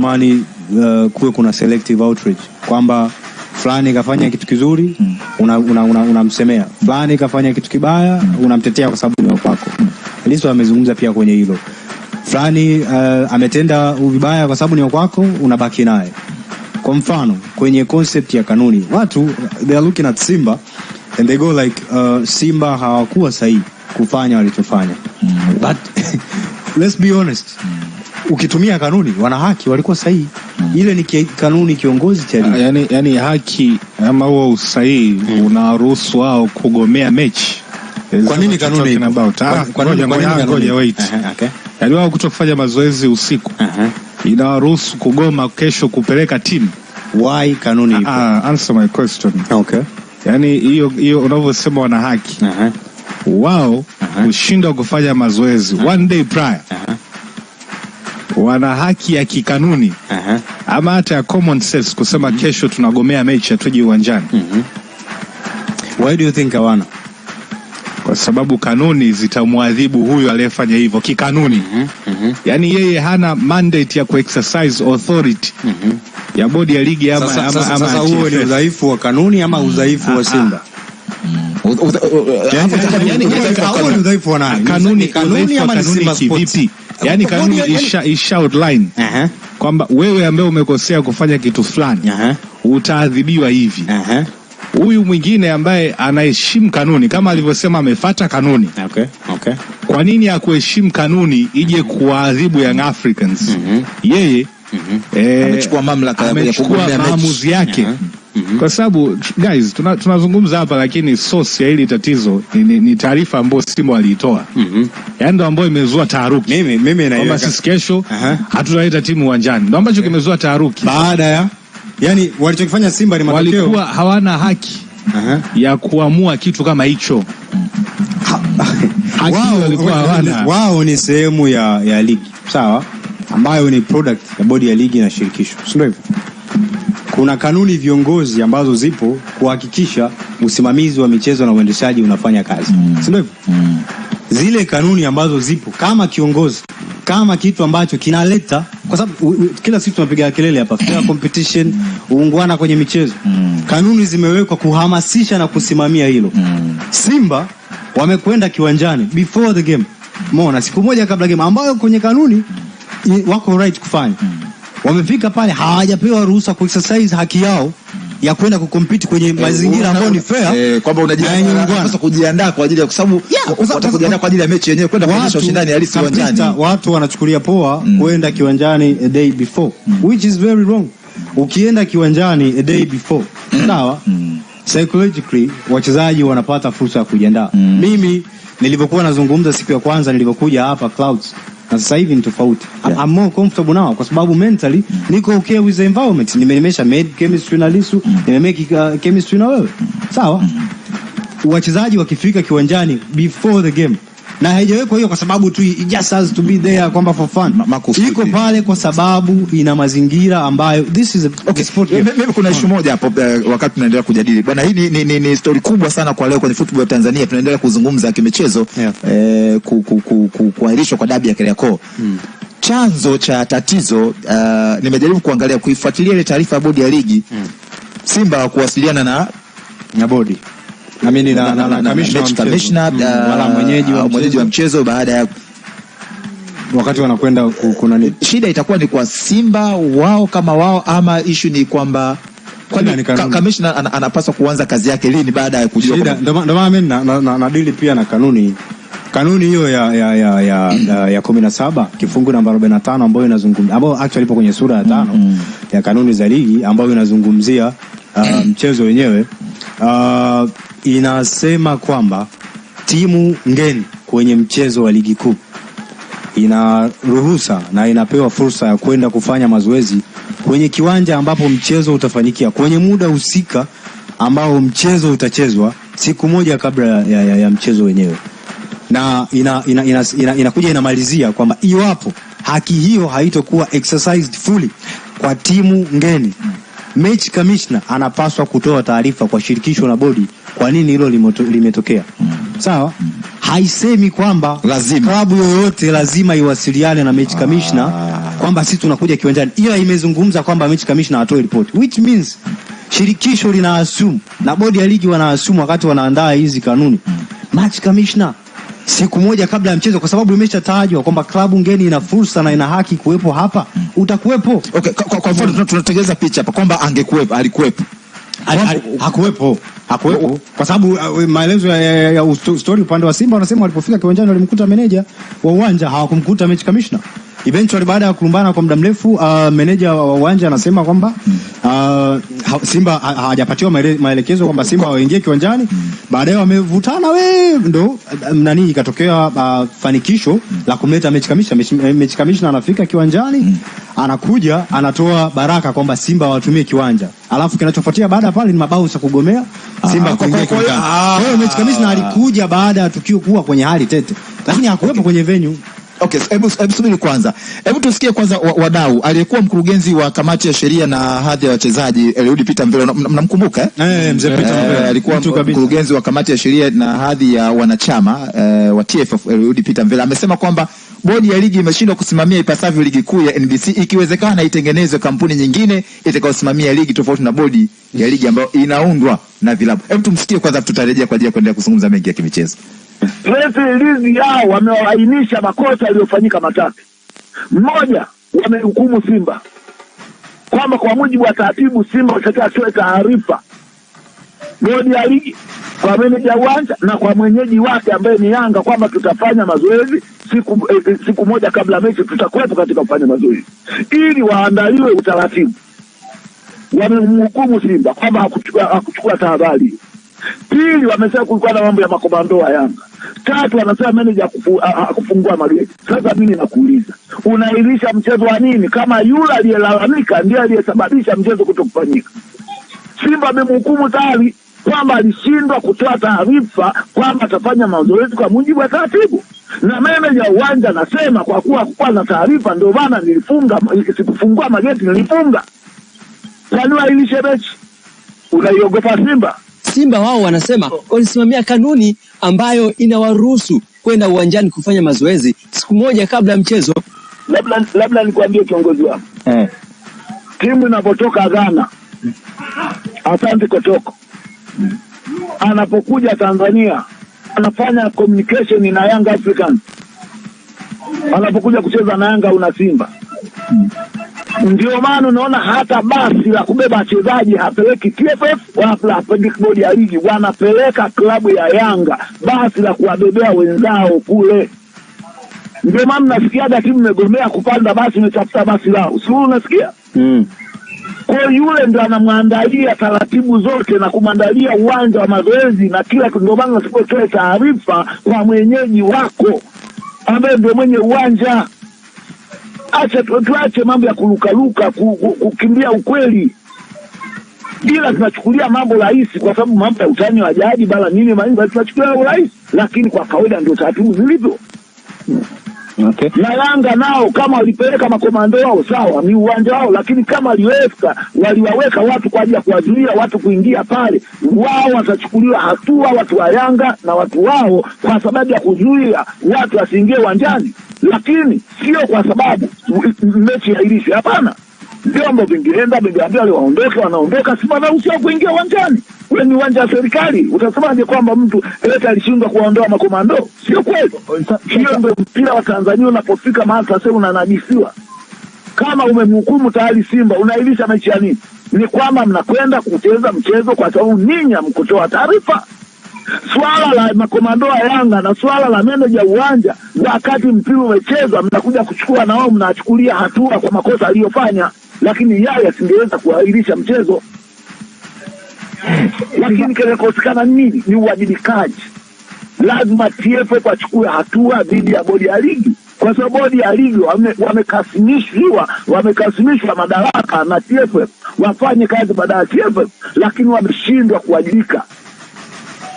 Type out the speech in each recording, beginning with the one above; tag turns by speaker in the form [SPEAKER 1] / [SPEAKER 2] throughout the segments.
[SPEAKER 1] mani uh, kuwe kuna selective outreach kwamba fulani kafanya kitu kizuri unamsemea, una, una, una fulani kafanya kitu kibaya hmm. unamtetea kwa sababu ni wapako. Lissu amezungumza pia kwenye hilo fulani uh, ametenda vibaya kwa sababu ni wapako, unabaki naye. Kwa mfano kwenye concept ya kanuni, watu they are looking at Simba and they go like uh, Simba hawakuwa sahihi kufanya walichofanya, hmm. but let's be honest hmm ukitumia kanuni, wana haki walikuwa sahihi. Ile ni kanuni kiongozi cha ligi.
[SPEAKER 2] Yani, yani haki ama huo usahihi hmm, unaruhusu wao kugomea mechi.
[SPEAKER 1] Yaani kwa nini kanuni
[SPEAKER 2] about ah, Kwa nini kwa nini ngoja wait. Okay. yani wao kutofanya mazoezi usiku. Uh -huh. Inawaruhusu kugoma kesho kupeleka timu.
[SPEAKER 1] Why kanuni ipo
[SPEAKER 2] Ah, ah answer my question. Okay. yani hiyo hiyo unavyosema wana haki. Uh -huh. Wao uh-huh. kushindwa kufanya mazoezi uh-huh. one day prior uh-huh wana haki ya kikanuni uh -huh. ama hata ya common sense kusema mm-hmm. kesho tunagomea mechi atuji uwanjani mm-hmm.
[SPEAKER 1] Why do you think hawana?
[SPEAKER 2] Kwa sababu kanuni zitamwadhibu huyu aliyefanya hivyo kikanuni mm-hmm. Mhm. Uh -huh. Yani yeye hana mandate ya kuexercise authority mm-hmm. ya bodi ya ligi ama sasa,
[SPEAKER 1] ama, sasa, ama sasa huo ni udhaifu wa kanuni ama mm. udhaifu wa Simba
[SPEAKER 2] udhaifu wa nani? Kanuni ama Simba Sports Yaani yani kanuni isha, isha outline uh -huh. kwamba wewe ambaye umekosea kufanya kitu fulani uh -huh. utaadhibiwa hivi huyu uh -huh. mwingine ambaye anaheshimu kanuni kama alivyosema amefata kanuni
[SPEAKER 1] okay. Okay.
[SPEAKER 2] kwa nini akuheshimu kanuni ije kuwaadhibu Young Africans uh mhm. -huh. yeye mm -hmm. e,
[SPEAKER 1] amechukua mamlaka
[SPEAKER 2] ya maamuzi yake kwa sababu guys, tunazungumza tuna hapa, lakini source ya hili tatizo ni, ni, ni taarifa ambayo Simba waliitoa mm -hmm. Yaani ndo ambayo imezua taharuki.
[SPEAKER 1] Mimi mimi naiweka
[SPEAKER 2] kwamba sisi kesho hatutaleta timu uwanjani, ndo ambacho yeah. kimezua taharuki
[SPEAKER 1] baada ya yani walichokifanya Simba ni matokeo,
[SPEAKER 2] walikuwa hawana haki Aha. ya kuamua kitu kama hicho wao,
[SPEAKER 1] wao ni sehemu ya, ya ligi sawa, ambayo ni product ya bodi ya ligi na shirikisho, si ndio hivyo? kuna kanuni viongozi ambazo zipo kuhakikisha usimamizi wa michezo na uendeshaji unafanya kazi mm. si mm. zile kanuni ambazo zipo kama kiongozi kama kitu ambacho kinaleta kwa sababu kila siku tunapiga kelele hapa fair competition, uungwana kwenye michezo mm. kanuni zimewekwa kuhamasisha na kusimamia hilo mm. Simba wamekwenda kiwanjani before the game, umeona siku moja kabla game, ambayo kwenye kanuni wako right kufanya mm wamefika pale hawajapewa ruhusa ku exercise haki yao ya kwenda kukompiti kwenye eh, mazingira ambayo ni fair, eh,
[SPEAKER 2] kwamba unajiandaa kujiandaa kwa ajili ya kwa sababu watakujiandaa kwa ajili ya mechi yenyewe kwenda kuonyesha ushindani halisi uwanjani.
[SPEAKER 1] Watu wanachukulia poa mm. kwenda kiwanjani a day before, mm. which is very wrong. Ukienda kiwanjani a day mm. before, mm. sawa, mm. psychologically wachezaji wanapata fursa ya kujiandaa. mm. Mimi nilivyokuwa nazungumza siku ya kwanza nilivyokuja hapa Clouds na sasa hivi ni tofauti. Yeah. I'm more comfortable now kwa sababu mentally mm. niko okay with the environment. Nimeimesha made chemistry na Lissu, mm. nimemake uh, chemistry na wewe. Sawa? Mm. Wachezaji wakifika kiwanjani before the game na haijawekwa hiyo kwa sababu tu just has to be there kwamba for fun, iko pale kwa sababu ina mazingira ambayo this is a okay sport.
[SPEAKER 2] Mimi kuna issue moja hapo, uh, wakati tunaendelea kujadili bwana, hii ni, ni, ni story kubwa sana kwa leo kwenye football ya Tanzania. Tunaendelea kuzungumza kimichezo yeah. Eh, ku, ku, ku, ku, kuahirishwa kwa dabi ya Kariakoo hmm. Chanzo cha tatizo uh, nimejaribu kuangalia kuifuatilia ile taarifa ya bodi ya ligi hmm. Simba kuwasiliana na
[SPEAKER 1] nyabodi mwenyeji wa uh, mchezo baada ya wakati wanakwenda kuna
[SPEAKER 2] shida itakuwa ni kwa Simba wao kama wao, ama ishu ni kwamba kamishna an, anapaswa kuanza kazi yake lini baada ya kujua.
[SPEAKER 1] Ndio maana mimi nadili pia na kanuni kanuni hiyo ya, ya, ya, ya, ya, ya kumi na saba kifungu namba 45 ambayo inazungumzia ambayo actually ipo kwenye sura ya tano mm -hmm. ya kanuni za ligi ambayo inazungumzia uh, mchezo wenyewe uh, inasema kwamba timu ngeni kwenye mchezo wa ligi kuu inaruhusa na inapewa fursa ya kwenda kufanya mazoezi kwenye kiwanja ambapo mchezo utafanyikia kwenye muda husika ambao mchezo utachezwa siku moja kabla ya, ya, ya mchezo wenyewe, na inakuja ina, ina, ina, ina, ina inamalizia kwamba iwapo haki hiyo haitokuwa exercised fully kwa timu ngeni, mechi commissioner anapaswa kutoa taarifa kwa shirikisho na bodi kwa nini hilo limetokea. Mm. Sawa, mm. haisemi kwamba klabu yoyote lazima iwasiliane na mechi ah. kamishna kwamba sisi tunakuja kiwanjani, ila imezungumza kwamba mechi kamishna atoe ripoti, which means shirikisho lina assume na bodi ya ligi wana assume wakati wanaandaa hizi kanuni, match mm. kamishna siku moja kabla ya mchezo, kwa sababu imeshatajwa kwamba klabu ngeni ina fursa na ina haki kuwepo hapa, utakuwepo.
[SPEAKER 2] Okay, kwa mfano tunatengeneza picha hapa kwamba angekuwepo, alikuwepo,
[SPEAKER 1] hakuwepo hakuwepo kwa sababu uh, maelezo ya, ya, ya story upande wa Simba wanasema walipofika kiwanjani walimkuta meneja wa uwanja, hawakumkuta mechi kamishna. Eventually baada ya kulumbana kwa muda mrefu uh, meneja wa uwanja anasema kwamba uh, Simba hajapatiwa maelekezo kwamba Simba waingie kiwanjani. Baadaye wamevutana, we ndo um, nani, ikatokea uh, fanikisho la kumleta mechi kamisha. Mechi kamisha anafika kiwanjani, anakuja anatoa baraka kwamba Simba watumie kiwanja, alafu kinachofuatia baada ya pale ni mabao ya kugomea ah, Simba kuingia kiwanjani. Ah. Kwa hiyo mechi kamisha alikuja baada ya tukio kuwa kwenye hali tete, lakini hakuwepo kwenye venue.
[SPEAKER 2] Okay, hebu hebu subiri kwanza, hebu tusikie kwanza wadau. wa Aliyekuwa mkurugenzi wa kamati ya sheria na hadhi ya wachezaji Eliud Peter Mbele, mnamkumbuka eh?
[SPEAKER 1] Eh, eh? Mzee Peter
[SPEAKER 2] Mvelo eh, alikuwa mkurugenzi wa kamati ya sheria na hadhi ya wanachama eh, wa TFF. Eliud Peter Mbele amesema kwamba bodi ya ligi imeshindwa kusimamia ipasavyo ligi kuu ya NBC, ikiwezekana itengenezwe kampuni nyingine itakayosimamia ligi tofauti na bodi ya ligi ambayo inaundwa na vilabu. Hebu tumsikie kwanza, tutarejea kwa ajili ya kuendelea kuzungumza mengi ya kimichezo
[SPEAKER 3] press release yao wamewainisha makosa yaliyofanyika matatu. Mmoja, wamehukumu Simba kwamba kwa mujibu wa taratibu Simba watakiwa atoe taarifa bodi ya ligi kwa meneja uwanja na kwa mwenyeji wake ambaye ni Yanga kwamba tutafanya mazoezi siku, eh, eh siku moja kabla mechi tutakuwepo katika kufanya mazoezi ili waandaliwe utaratibu. Wamemhukumu Simba kwamba hakuchukua tahadhari. Pili, wamesema kulikuwa na mambo ya makomando Yanga Tatu, anasema meneja hakufungua mageti. Sasa mimi nakuuliza, unailisha mchezo wa nini kama yule aliyelalamika ndiye aliyesababisha mchezo kutokufanyika? Simba amemhukumu tayari kwamba alishindwa kutoa taarifa kwamba atafanya mazoezi kwa mujibu wa taratibu, na meneja uwanja anasema kwa kuwa hakukuwa na taarifa ndio maana nilifunga, sikufungua mageti, nilifunga. Kwani wailishe mechi? Unaiogopa Simba?
[SPEAKER 2] Simba wao wanasema walisimamia kanuni ambayo inawaruhusu kwenda uwanjani kufanya mazoezi siku moja kabla ya mchezo.
[SPEAKER 3] Labda labda nikwambie kiongozi wao eh, timu inapotoka Ghana Asante Kotoko anapokuja Tanzania anafanya communication na Young Africans anapokuja kucheza na Yanga una Simba ndio maana unaona hata basi la kubeba wachezaji hapeleki TFF wala hapeleki bodi ya ligi, wanapeleka klabu ya Yanga basi la kuwabebea wenzao kule. Ndio maana mnasikiaga timu imegomea kupanda, basi imetafuta basi lao, si unasikia mm. Kwa yule ndo anamwandalia taratibu zote na kumwandalia uwanja wa mazoezi na kila. Ndio maana nasipotoe taarifa kwa mwenyeji wako ambaye ndio mwenye uwanja Acha tuache mambo ya kurukaruka kukimbia ukweli, bila tunachukulia mambo rahisi, kwa sababu mambo ya utani wa jadi bala nini tunachukulia rahisi lakini kwa kawaida ndio taratibu zilivyo. Okay. Na Yanga nao kama walipeleka makomando wao sawa, ni uwanja wao, lakini kama waliweka waliwaweka watu kwa ajili ya kuwazuia watu kuingia pale, wao watachukuliwa hatua, watu wa Yanga na watu wao, kwa sababu ya kuzuia watu wasiingie uwanjani lakini sio kwa sababu mechi hairishi. Hapana, vyombo vingeenda vingeambia wale waondoke, wanaondoka. Si maruhusu kuingia uwanjani, ule ni uwanja wa serikali. Utasemaje kwamba mtu yote alishindwa kuwaondoa makomando? Sio kweli. Hiyo ndio mpira wa Tanzania unapofika mahali sasa unanajisiwa kama umemhukumu tayari Simba, unailisha mechi ya nini? Ni kwamba mnakwenda kucheza mchezo kwa sababu ninyi mkutoa taarifa swala la makomando ya Yanga na swala la meneja uwanja, wakati mpira umechezwa, mnakuja kuchukua na wao mnachukulia hatua kwa makosa aliyofanya, lakini yao yasingeweza kuahirisha mchezo. Lakini kinakosekana nini? Ni uwajibikaji. Lazima TFF achukue hatua dhidi ya bodi ya ligi kwa sababu bodi ya ligi wamekasimishwa wamekasimishwa madaraka na TFF, wafanye kazi baada ya TFF, lakini wameshindwa kuwajibika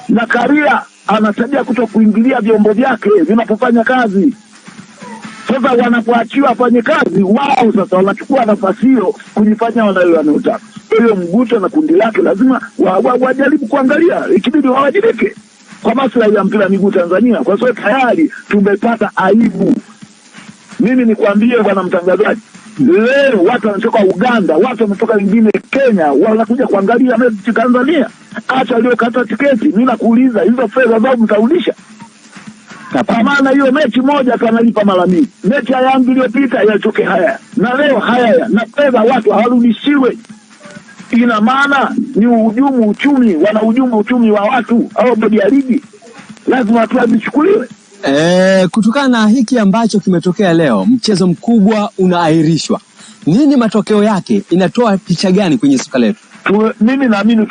[SPEAKER 3] na Karia anasaidia kuto kuingilia vyombo vyake vinapofanya kazi. Sasa wanapoachiwa afanye kazi, wao sasa wanachukua nafasi hiyo kujifanya wanayo wanayotaka. Hiyo Mguto na kundi lake lazima wajaribu wa, wa kuangalia, ikibidi wawajibike kwa maslahi ya mpira miguu Tanzania, kwa sababu tayari tumepata aibu. Mimi nikwambie bwana mtangazaji Leo watu wanatoka Uganda, watu wametoka wengine Kenya, wanakuja kuangalia mechi Tanzania. acha waliokata tiketi, mimi nakuuliza, hizo fedha zao mtarudisha? Kwa maana hiyo mechi moja kanalipa mara mbili. Mechi ya Yanga iliyopita yatoke haya na leo haya, na fedha watu hawarudishiwe. Ina maana ni uhujumu uchumi, wanahujumu uchumi wa watu au bodi ya ligi, lazima hatua zichukuliwe.
[SPEAKER 2] E, kutokana na hiki ambacho kimetokea leo, mchezo mkubwa unaahirishwa. Nini matokeo yake? Inatoa picha gani kwenye soka letu?
[SPEAKER 3] Mimi naamini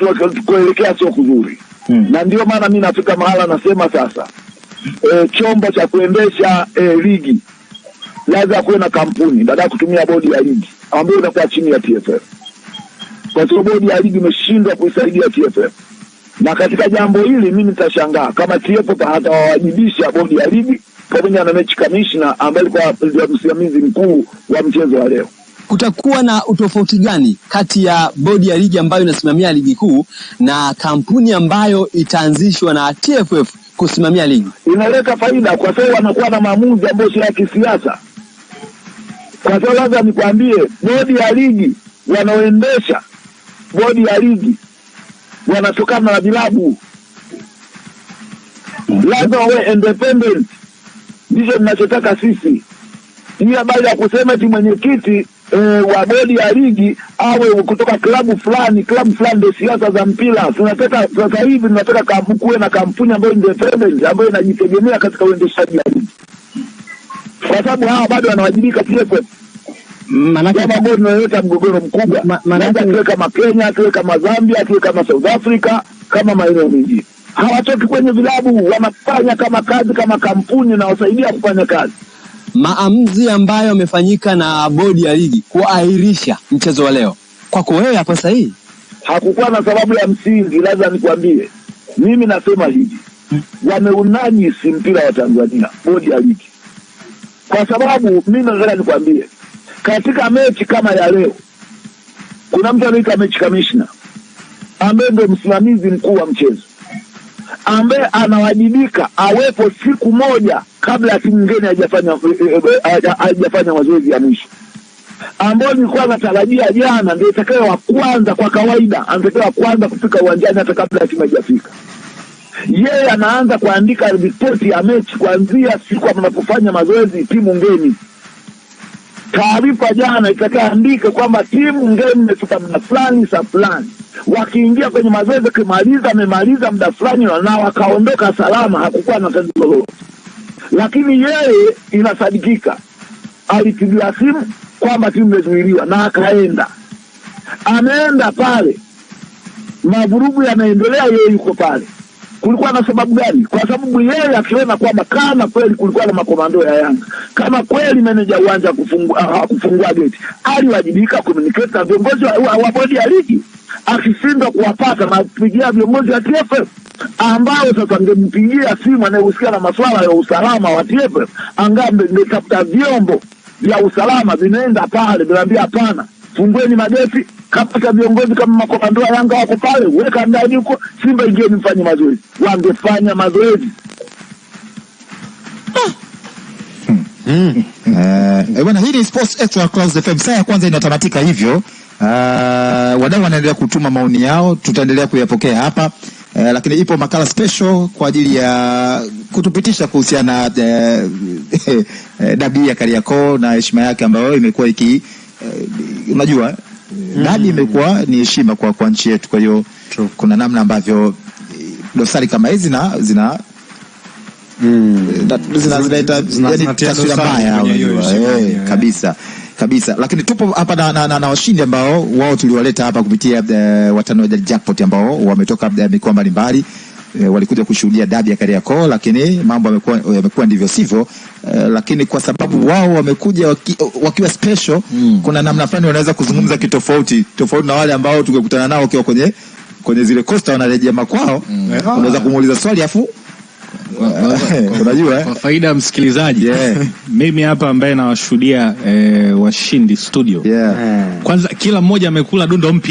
[SPEAKER 3] kuelekea sio kuzuri hmm. Na ndio maana mi nafika mahala nasema sasa e, chombo cha kuendesha e, ligi lazima kuwe na kampuni baada ya kutumia bodi ya ligi ambayo inakuwa chini ya TFF, kwa sababu bodi ya ligi imeshindwa kuisaidia TFF na katika jambo hili mimi nitashangaa kama TFF hatawawajibisha bodi ya ligi pamoja na mechi kamishna ambaye alikuwa msimamizi mkuu wa mchezo wa leo.
[SPEAKER 2] Kutakuwa na utofauti gani kati ya bodi ya ligi ambayo inasimamia ligi kuu na kampuni ambayo itaanzishwa na TFF kusimamia ligi?
[SPEAKER 3] Inaleta faida kwa sababu wanakuwa na maamuzi ambayo sio ya kisiasa. Kwa sababu lazima nikwambie, bodi ya ligi wanaoendesha bodi ya ligi wanatokana na vilabu. Lazima wawe independent, ndicho tunachotaka sisi. Hii habari ya kusema ti mwenyekiti e, wa bodi ya ligi awe kutoka klabu fulani, klabu fulani ndio siasa za mpira. Tunataka sasa hivi tunataka kuwe na kampuni ambayo independent, ambayo inajitegemea katika uendeshaji wa ligi, kwa sababu hawa bado wanawajibika TFF manake kama tunaleta mgogoro mkubwa, manake tuwe kama Kenya, tuwe kama Zambia, tuwe kama South Africa, kama maeneo mengine hawatoki kwenye vilabu, wanafanya kama kazi kama kampuni wasaidia kufanya kazi.
[SPEAKER 2] Maamuzi ambayo yamefanyika na bodi ya ligi kuahirisha mchezo wa leo, kwako wewe hapo sahihi?
[SPEAKER 3] Hakukuwa na sababu ya msingi. Lazima nikwambie, mimi nasema hivi, wameunajisi mpira wa Tanzania, bodi ya ligi, kwa sababu mimi nataka nikwambie katika mechi kama ya leo kuna mtu anaitwa mechi kamishna ambaye ndio msimamizi mkuu wa mchezo ambaye anawajibika awepo siku moja kabla ya timu ngeni haijafanya eh, eh, haijafanya mazoezi ya mwisho ambayo nilikuwa natarajia jana ndio itakayo wa kwanza. Kwa kawaida anatakiwa kwanza kufika uwanjani hata kabla ya timu haijafika. Yeye anaanza kuandika ripoti ya mechi kuanzia siku anapofanya mazoezi timu ngeni taarifa jana itakaandika kwamba timu ngeni imefika muda fulani saa fulani, wakiingia kwenye mazoezi, akimaliza amemaliza muda fulani, na wakaondoka salama, hakukuwa na tatizo lolote. Lakini yeye inasadikika alipigiwa simu kwamba timu imezuiliwa na akaenda, ameenda pale, mavurugu yanaendelea, yeye yuko pale kulikuwa na sababu gani? Kwa sababu yeye akiona kwamba kama kweli kulikuwa na makomando ya Yanga, kama kweli meneja uwanja ah, hakufungua geti, aliwajibika communicate na viongozi wa bodi ya ligi. Akishindwa kuwapata na kupigia viongozi wa TFF ambao sasa ngempigia simu anayehusika na masuala ya usalama wa TFF, angambe ngetafuta vyombo vya usalama vinaenda pale, vinaambia hapana fungueni magesi kapata viongozi kama makomandoa Yanga wako pale, weka ndani huko, Simba ingieni, mfanye mazoezi. Wangefanya mazoezi
[SPEAKER 2] hmm. eh, eh, bwana. Hii ni Sports Extra Clouds FM, saa ya kwanza inatamatika hivyo. Uh, wadau wanaendelea kutuma maoni yao, tutaendelea kuyapokea hapa uh, lakini ipo makala special kwa ajili ya kutupitisha kuhusiana na uh, dabi ya Kariakoo na heshima yake ambayo imekuwa iki Eh, unajua mm. imekuwa ni heshima kwa, kwa nchi yetu. Kwa hiyo kuna namna ambavyo eh, dosari kama hizi zina zina hmm.
[SPEAKER 1] taswira mbaya
[SPEAKER 2] kabisa kabisa, lakini tupo hapa na, na, na, na washindi ambao wao tuliwaleta hapa kupitia watano wa Jackpot ambao wametoka mikoa mbalimbali e, walikuja kushuhudia dabi ya Kariakoo, lakini mambo yamekuwa yamekuwa ndivyo sivyo. E, lakini kwa sababu wao wamekuja waki, wakiwa special mm. kuna namna fulani wanaweza kuzungumza mm. kitofauti tofauti na wale ambao tungekutana nao wakiwa kwenye kwenye zile costa wanarejea makwao mm. unaweza kumuuliza swali afu
[SPEAKER 1] unajua kwa faida ya msikilizaji yeah. mimi hapa ambaye nawashuhudia eh, washindi studio yeah. Kwanza kila mmoja amekula dundo mpya.